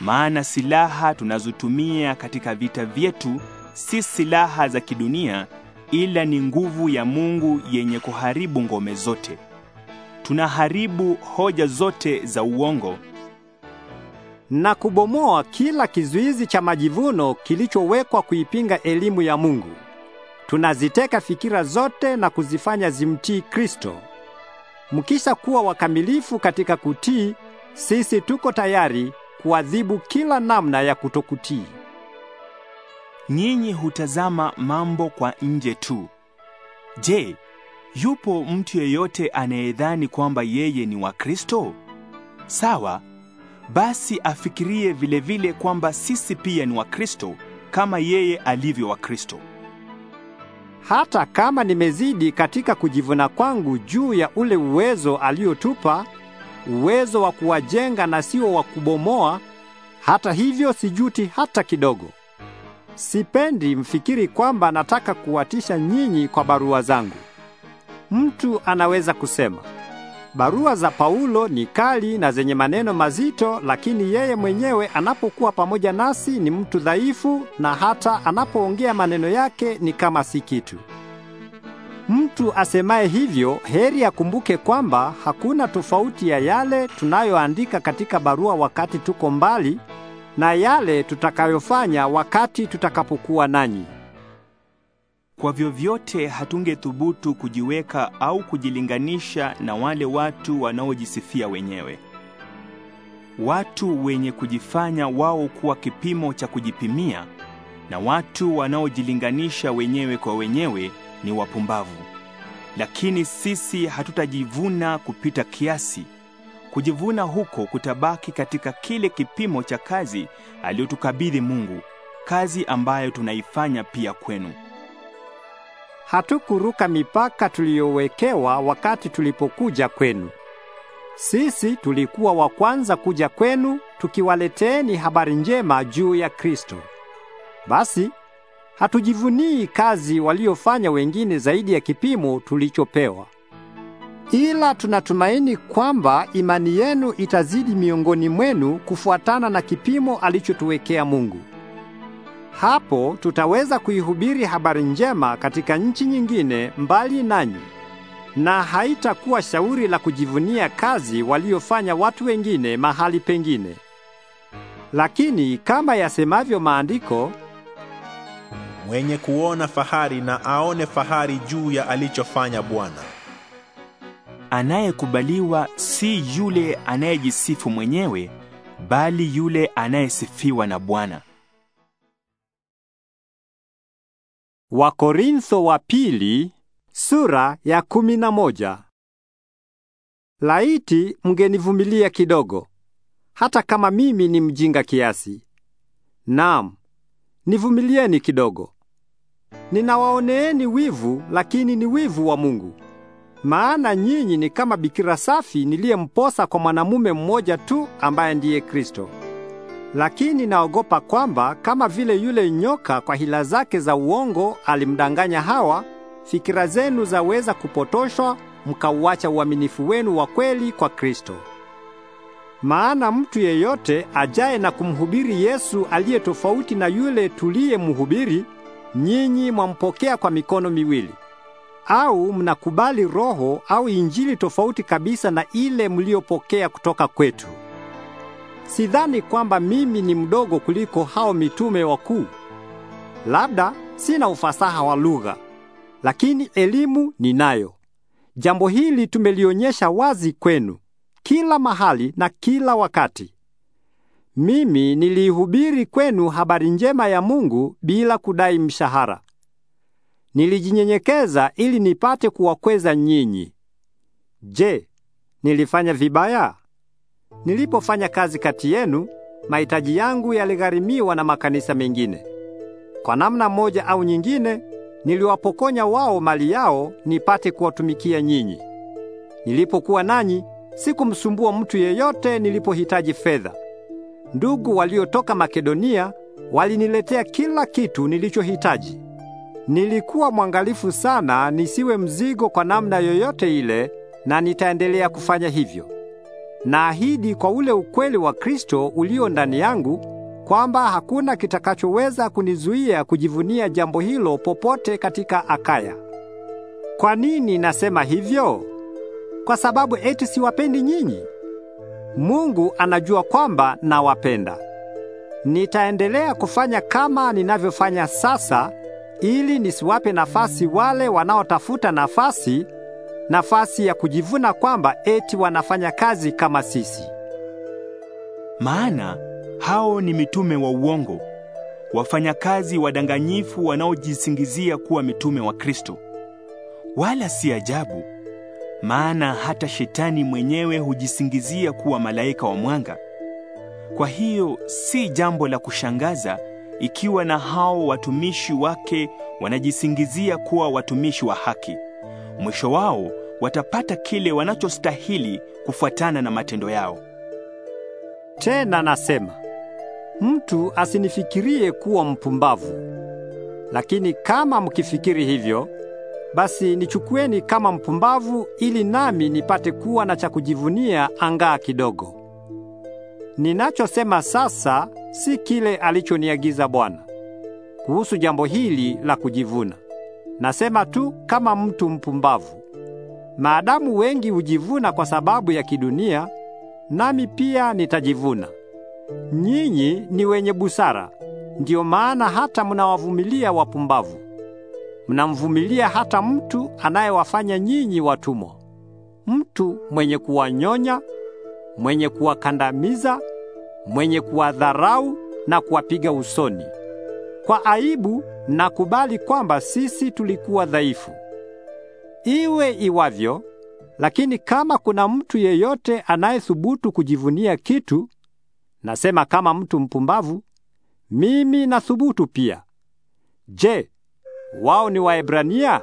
Maana silaha tunazotumia katika vita vyetu si silaha za kidunia ila ni nguvu ya Mungu yenye kuharibu ngome zote. Tunaharibu hoja zote za uongo na kubomoa kila kizuizi cha majivuno kilichowekwa kuipinga elimu ya Mungu. Tunaziteka fikira zote na kuzifanya zimtii Kristo. Mkisha kuwa wakamilifu katika kutii, sisi tuko tayari kuadhibu kila namna ya kutokutii nyinyi hutazama mambo kwa nje tu. Je, yupo mtu yeyote anayedhani kwamba yeye ni wa Kristo? Sawa, basi afikirie vilevile vile kwamba sisi pia ni wa Kristo kama yeye alivyo wa Kristo. Hata kama nimezidi katika kujivuna kwangu juu ya ule uwezo aliotupa, uwezo wa kuwajenga na sio wa kubomoa, hata hivyo sijuti hata kidogo. Sipendi mfikiri kwamba nataka kuwatisha nyinyi kwa barua zangu. Mtu anaweza kusema, barua za Paulo ni kali na zenye maneno mazito, lakini yeye mwenyewe anapokuwa pamoja nasi ni mtu dhaifu na hata anapoongea maneno yake ni kama si kitu. Mtu asemaye hivyo heri akumbuke kwamba hakuna tofauti ya yale tunayoandika katika barua wakati tuko mbali na yale tutakayofanya wakati tutakapokuwa nanyi. Kwa vyovyote hatungethubutu kujiweka au kujilinganisha na wale watu wanaojisifia wenyewe. Watu wenye kujifanya wao kuwa kipimo cha kujipimia na watu wanaojilinganisha wenyewe kwa wenyewe ni wapumbavu. Lakini sisi hatutajivuna kupita kiasi Kujivuna huko kutabaki katika kile kipimo cha kazi aliyotukabidhi Mungu, kazi ambayo tunaifanya pia kwenu. Hatukuruka mipaka tuliyowekewa wakati tulipokuja kwenu. Sisi tulikuwa wa kwanza kuja kwenu tukiwaleteeni habari njema juu ya Kristo. Basi hatujivunii kazi waliofanya wengine zaidi ya kipimo tulichopewa ila tunatumaini kwamba imani yenu itazidi miongoni mwenu kufuatana na kipimo alichotuwekea Mungu. Hapo tutaweza kuihubiri habari njema katika nchi nyingine mbali nanyi, na haitakuwa shauri la kujivunia kazi waliofanya watu wengine mahali pengine. Lakini kama yasemavyo maandiko, mwenye kuona fahari na aone fahari juu ya alichofanya Bwana anayekubaliwa si yule anayejisifu mwenyewe, bali yule anayesifiwa na Bwana. Wakorintho wa pili sura ya kumi na moja. Laiti mngenivumilia kidogo, hata kama mimi ni mjinga kiasi. Naam, nivumilieni kidogo. Ninawaoneeni wivu, lakini ni wivu wa Mungu maana nyinyi ni kama bikira safi niliyemposa kwa mwanamume mmoja tu ambaye ndiye Kristo. Lakini naogopa kwamba kama vile yule nyoka kwa hila zake za uongo alimdanganya Hawa, fikira zenu zaweza kupotoshwa mkauacha uaminifu wenu wa kweli kwa Kristo. Maana mtu yeyote ajaye na kumhubiri Yesu aliye tofauti na yule tuliyemhubiri, nyinyi mwampokea kwa mikono miwili au mnakubali roho au injili tofauti kabisa na ile mliyopokea kutoka kwetu. Sidhani kwamba mimi ni mdogo kuliko hao mitume wakuu. Labda sina ufasaha wa lugha, lakini elimu ninayo. Jambo hili tumelionyesha wazi kwenu kila mahali na kila wakati. Mimi nilihubiri kwenu habari njema ya Mungu bila kudai mshahara. Nilijinyenyekeza ili nipate kuwakweza nyinyi. Je, nilifanya vibaya? Nilipofanya kazi kati yenu, mahitaji yangu yaligharimiwa na makanisa mengine. Kwa namna moja au nyingine, niliwapokonya wao mali yao nipate kuwatumikia nyinyi. Nilipokuwa nanyi, sikumsumbua mtu yeyote nilipohitaji fedha. Ndugu waliotoka Makedonia waliniletea kila kitu nilichohitaji. Nilikuwa mwangalifu sana nisiwe mzigo kwa namna yoyote ile, na nitaendelea kufanya hivyo. Naahidi kwa ule ukweli wa Kristo ulio ndani yangu kwamba hakuna kitakachoweza kunizuia kujivunia jambo hilo popote katika Akaya. Kwa nini nasema hivyo? Kwa sababu eti siwapendi nyinyi? Mungu anajua kwamba nawapenda. Nitaendelea kufanya kama ninavyofanya sasa ili nisiwape nafasi wale wanaotafuta nafasi nafasi ya kujivuna kwamba eti wanafanya kazi kama sisi. Maana hao ni mitume wa uongo, wafanyakazi wadanganyifu wanaojisingizia kuwa mitume wa Kristo. Wala si ajabu, maana hata shetani mwenyewe hujisingizia kuwa malaika wa mwanga. Kwa hiyo si jambo la kushangaza ikiwa na hao watumishi wake wanajisingizia kuwa watumishi wa haki, mwisho wao watapata kile wanachostahili kufuatana na matendo yao. Tena nasema, mtu asinifikirie kuwa mpumbavu, lakini kama mkifikiri hivyo, basi nichukueni kama mpumbavu ili nami nipate kuwa na cha kujivunia angaa kidogo. Ninachosema sasa si kile alichoniagiza Bwana kuhusu jambo hili la kujivuna. Nasema tu kama mtu mpumbavu. Maadamu wengi hujivuna kwa sababu ya kidunia, nami pia nitajivuna. Nyinyi ni wenye busara, ndiyo maana hata mnawavumilia wapumbavu. Mnamvumilia hata mtu anayewafanya nyinyi watumwa, mtu mwenye kuwanyonya mwenye kuwakandamiza, mwenye kuwadharau na kuwapiga usoni. Kwa aibu nakubali kwamba sisi tulikuwa dhaifu. Iwe iwavyo, lakini kama kuna mtu yeyote anayethubutu kujivunia kitu, nasema kama mtu mpumbavu, mimi nathubutu pia. Je, wao ni Waebrania?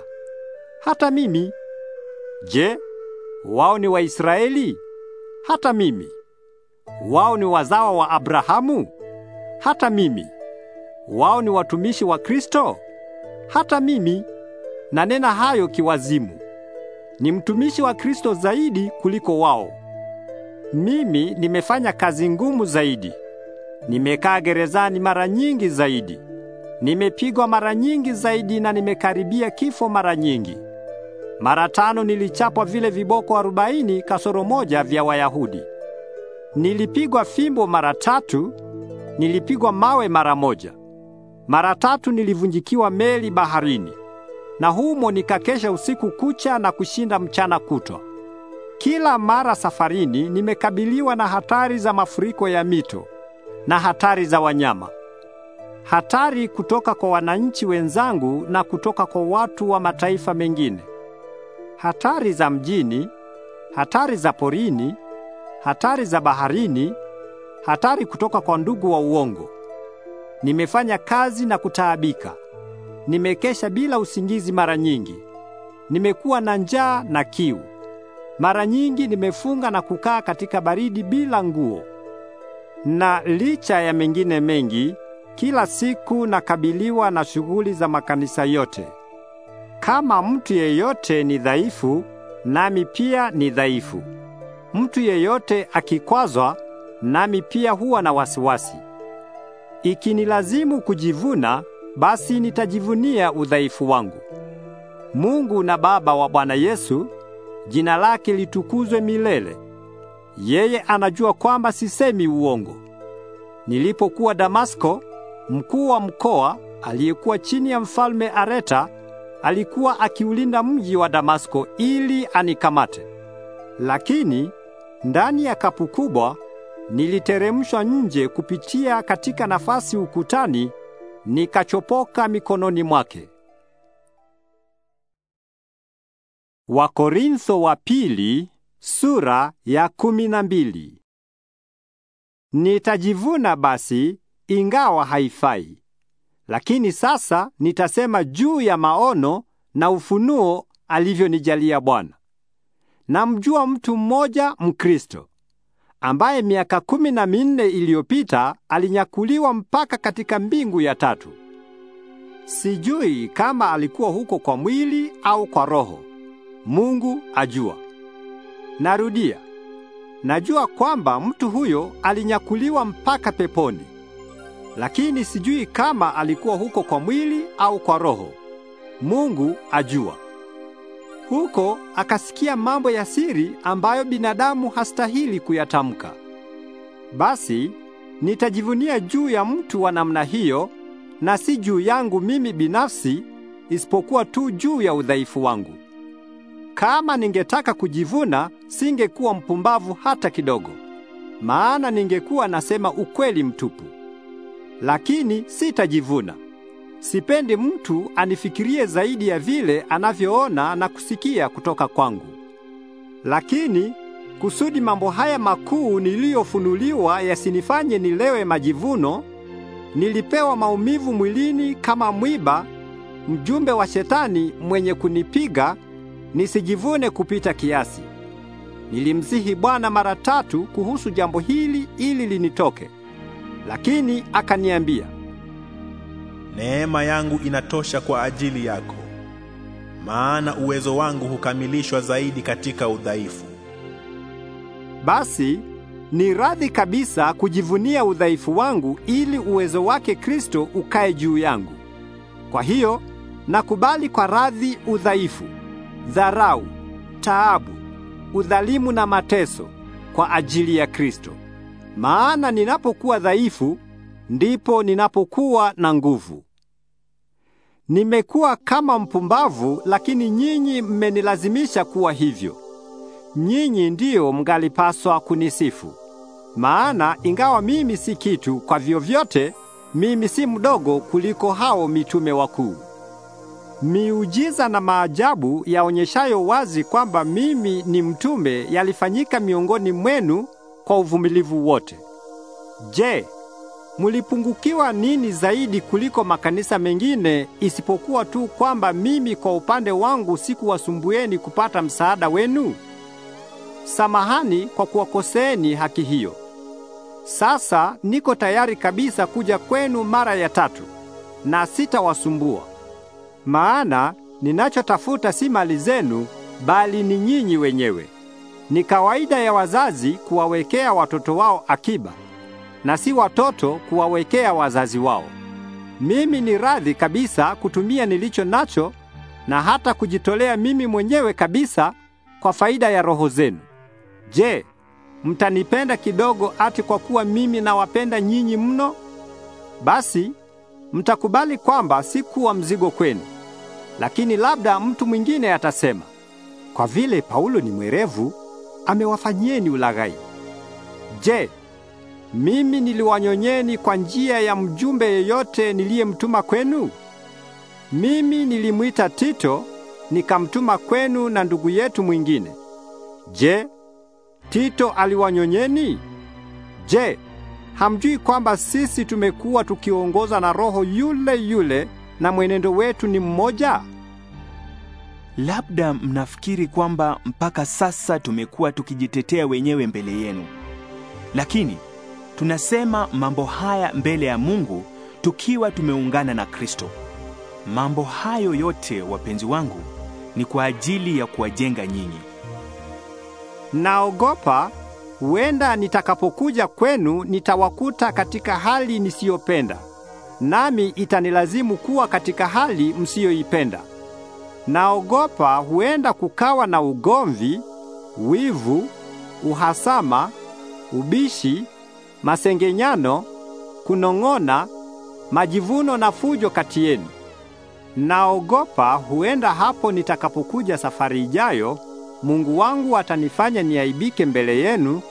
Hata mimi. Je, wao ni Waisraeli? hata mimi. Wao ni wazawa wa Abrahamu? Hata mimi. Wao ni watumishi wa Kristo? Hata mimi. Nanena hayo kiwazimu. Ni mtumishi wa Kristo zaidi kuliko wao. Mimi nimefanya kazi ngumu zaidi. Nimekaa gerezani mara nyingi zaidi. Nimepigwa mara nyingi zaidi na nimekaribia kifo mara nyingi. Mara tano nilichapwa vile viboko arobaini kasoro moja vya Wayahudi. Nilipigwa fimbo mara tatu, nilipigwa mawe mara moja. Mara tatu nilivunjikiwa meli baharini. Na humo nikakesha usiku kucha na kushinda mchana kutwa. Kila mara safarini nimekabiliwa na hatari za mafuriko ya mito na hatari za wanyama. Hatari kutoka kwa wananchi wenzangu na kutoka kwa watu wa mataifa mengine hatari za mjini, hatari za porini, hatari za baharini, hatari kutoka kwa ndugu wa uongo. Nimefanya kazi na kutaabika. Nimekesha bila usingizi mara nyingi. Nimekuwa na njaa na kiu. Mara nyingi nimefunga na kukaa katika baridi bila nguo. Na licha ya mengine mengi, kila siku nakabiliwa na shughuli za makanisa yote. Kama mtu yeyote ni dhaifu, nami pia ni dhaifu. Mtu yeyote akikwazwa, nami pia huwa na wasiwasi. Ikinilazimu kujivuna, basi nitajivunia udhaifu wangu. Mungu na Baba wa Bwana Yesu, jina lake litukuzwe milele. Yeye anajua kwamba sisemi uongo. Nilipokuwa Damasko, mkuu wa mkoa aliyekuwa chini ya mfalme Areta alikuwa akiulinda mji wa Damasko ili anikamate. Lakini ndani ya kapu kubwa niliteremshwa nje kupitia katika nafasi ukutani, nikachopoka mikononi mwake. Wakorintho wa pili sura ya kumi na mbili. Nitajivuna basi ingawa haifai. Lakini sasa nitasema juu ya maono na ufunuo alivyonijalia Bwana. Namjua mtu mmoja Mkristo ambaye miaka kumi na minne iliyopita alinyakuliwa mpaka katika mbingu ya tatu. Sijui kama alikuwa huko kwa mwili au kwa roho. Mungu ajua. Narudia. Najua kwamba mtu huyo alinyakuliwa mpaka peponi lakini sijui kama alikuwa huko kwa mwili au kwa roho. Mungu ajua. Huko akasikia mambo ya siri ambayo binadamu hastahili kuyatamka. Basi nitajivunia juu ya mtu wa namna hiyo na si juu yangu mimi binafsi, isipokuwa tu juu ya udhaifu wangu. Kama ningetaka kujivuna, singekuwa mpumbavu hata kidogo, maana ningekuwa nasema ukweli mtupu lakini sitajivuna. Sipendi mtu anifikirie zaidi ya vile anavyoona na kusikia kutoka kwangu. Lakini kusudi mambo haya makuu niliyofunuliwa yasinifanye nilewe majivuno, nilipewa maumivu mwilini kama mwiba, mjumbe wa shetani mwenye kunipiga nisijivune kupita kiasi. Nilimsihi Bwana mara tatu kuhusu jambo hili ili linitoke. Lakini akaniambia, neema yangu inatosha kwa ajili yako, maana uwezo wangu hukamilishwa zaidi katika udhaifu. Basi ni radhi kabisa kujivunia udhaifu wangu ili uwezo wake Kristo ukae juu yangu. Kwa hiyo nakubali kwa radhi udhaifu, dharau, taabu, udhalimu na mateso kwa ajili ya Kristo. Maana ninapokuwa dhaifu ndipo ninapokuwa na nguvu. Nimekuwa kama mpumbavu, lakini nyinyi mmenilazimisha kuwa hivyo. Nyinyi ndiyo mngalipaswa kunisifu. Maana ingawa mimi si kitu kwa vyovyote, mimi si mdogo kuliko hao mitume wakuu. Miujiza na maajabu yaonyeshayo wazi kwamba mimi ni mtume yalifanyika miongoni mwenu kwa uvumilivu wote. Je, mulipungukiwa nini zaidi kuliko makanisa mengine isipokuwa tu kwamba mimi kwa upande wangu sikuwasumbueni kupata msaada wenu? Samahani kwa kuwakoseeni haki hiyo. Sasa niko tayari kabisa kuja kwenu mara ya tatu na sitawasumbua. Maana ninachotafuta si mali zenu bali ni nyinyi wenyewe. Ni kawaida ya wazazi kuwawekea watoto wao akiba na si watoto kuwawekea wazazi wao. Mimi ni radhi kabisa kutumia nilicho nacho na hata kujitolea mimi mwenyewe kabisa kwa faida ya roho zenu. Je, mtanipenda kidogo ati kwa kuwa mimi nawapenda nyinyi mno? Basi mtakubali kwamba si kuwa mzigo kwenu. Lakini labda mtu mwingine atasema, kwa vile Paulo ni mwerevu, amewafanyieni ulaghai. Je, mimi niliwanyonyeni kwa njia ya mjumbe yeyote niliyemtuma kwenu? Mimi nilimwita Tito nikamtuma kwenu na ndugu yetu mwingine. Je, Tito aliwanyonyeni? Je, hamjui kwamba sisi tumekuwa tukiongoza na Roho yule yule na mwenendo wetu ni mmoja? Labda mnafikiri kwamba mpaka sasa tumekuwa tukijitetea wenyewe mbele yenu, lakini tunasema mambo haya mbele ya Mungu tukiwa tumeungana na Kristo. Mambo hayo yote, wapenzi wangu, ni kwa ajili ya kuwajenga nyinyi. Naogopa huenda nitakapokuja kwenu nitawakuta katika hali nisiyopenda, nami itanilazimu kuwa katika hali msiyoipenda. Naogopa huenda kukawa na ugomvi, wivu, uhasama, ubishi, masengenyano, kunong'ona, majivuno na fujo kati yenu. Naogopa huenda hapo nitakapokuja safari ijayo, Mungu wangu atanifanya niaibike mbele yenu,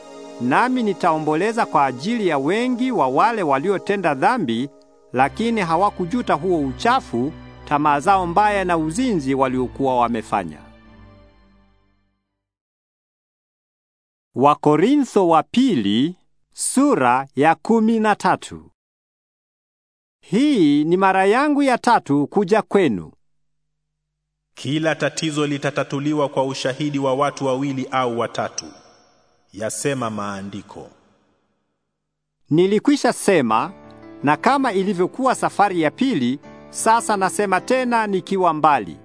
nami nitaomboleza kwa ajili ya wengi wa wale waliotenda dhambi, lakini hawakujuta huo uchafu tamaa zao mbaya na uzinzi waliokuwa wamefanya. Wakorintho wa pili sura ya kumi na tatu. Hii ni mara yangu ya tatu kuja kwenu. Kila tatizo litatatuliwa kwa ushahidi wa watu wawili au watatu, yasema maandiko. Nilikwisha sema, na kama ilivyokuwa safari ya pili, sasa nasema tena nikiwa mbali.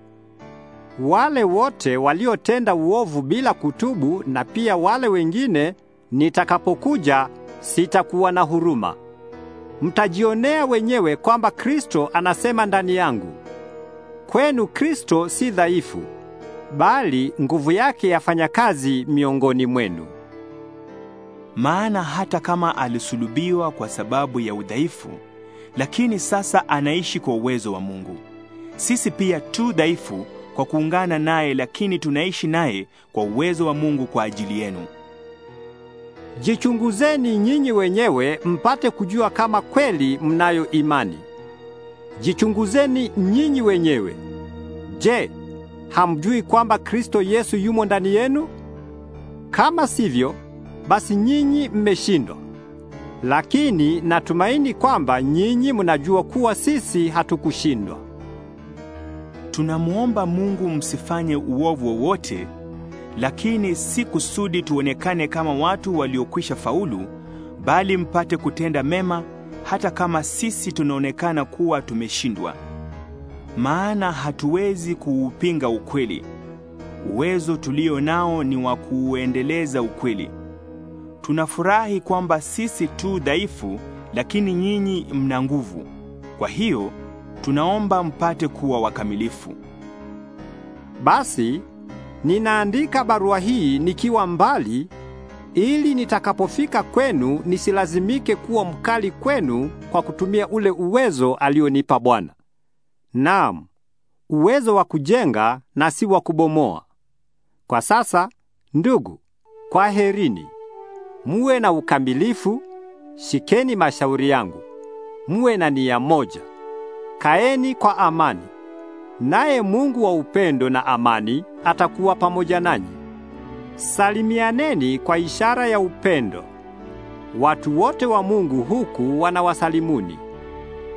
Wale wote waliotenda uovu bila kutubu na pia wale wengine nitakapokuja sitakuwa na huruma. Mtajionea wenyewe kwamba Kristo anasema ndani yangu. Kwenu Kristo si dhaifu, bali nguvu yake yafanya kazi miongoni mwenu. Maana hata kama alisulubiwa kwa sababu ya udhaifu lakini sasa anaishi kwa uwezo wa Mungu. Sisi pia tu dhaifu kwa kuungana naye, lakini tunaishi naye kwa uwezo wa Mungu kwa ajili yenu. Jichunguzeni nyinyi wenyewe mpate kujua kama kweli mnayo imani. Jichunguzeni nyinyi wenyewe. Je, hamjui kwamba Kristo Yesu yumo ndani yenu? Kama sivyo, basi nyinyi mmeshindwa. Lakini natumaini kwamba nyinyi mnajua kuwa sisi hatukushindwa. Tunamwomba Mungu msifanye uovu wowote, lakini si kusudi tuonekane kama watu waliokwisha faulu, bali mpate kutenda mema hata kama sisi tunaonekana kuwa tumeshindwa. Maana hatuwezi kuupinga ukweli. Uwezo tulio nao ni wa kuuendeleza ukweli tunafurahi kwamba sisi tu dhaifu, lakini nyinyi mna nguvu. Kwa hiyo tunaomba mpate kuwa wakamilifu. Basi ninaandika barua hii nikiwa mbali, ili nitakapofika kwenu nisilazimike kuwa mkali kwenu kwa kutumia ule uwezo alionipa Bwana. Naam, uwezo wa kujenga na si wa kubomoa. Kwa sasa, ndugu, kwaherini muwe na ukamilifu, shikeni mashauri yangu, muwe na nia moja, kaeni kwa amani, naye Mungu wa upendo na amani atakuwa pamoja nanyi. Salimianeni kwa ishara ya upendo. Watu wote wa Mungu huku wanawasalimuni.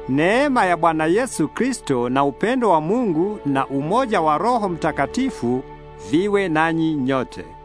Neema ya Bwana Yesu Kristo na upendo wa Mungu na umoja wa Roho Mtakatifu viwe nanyi nyote.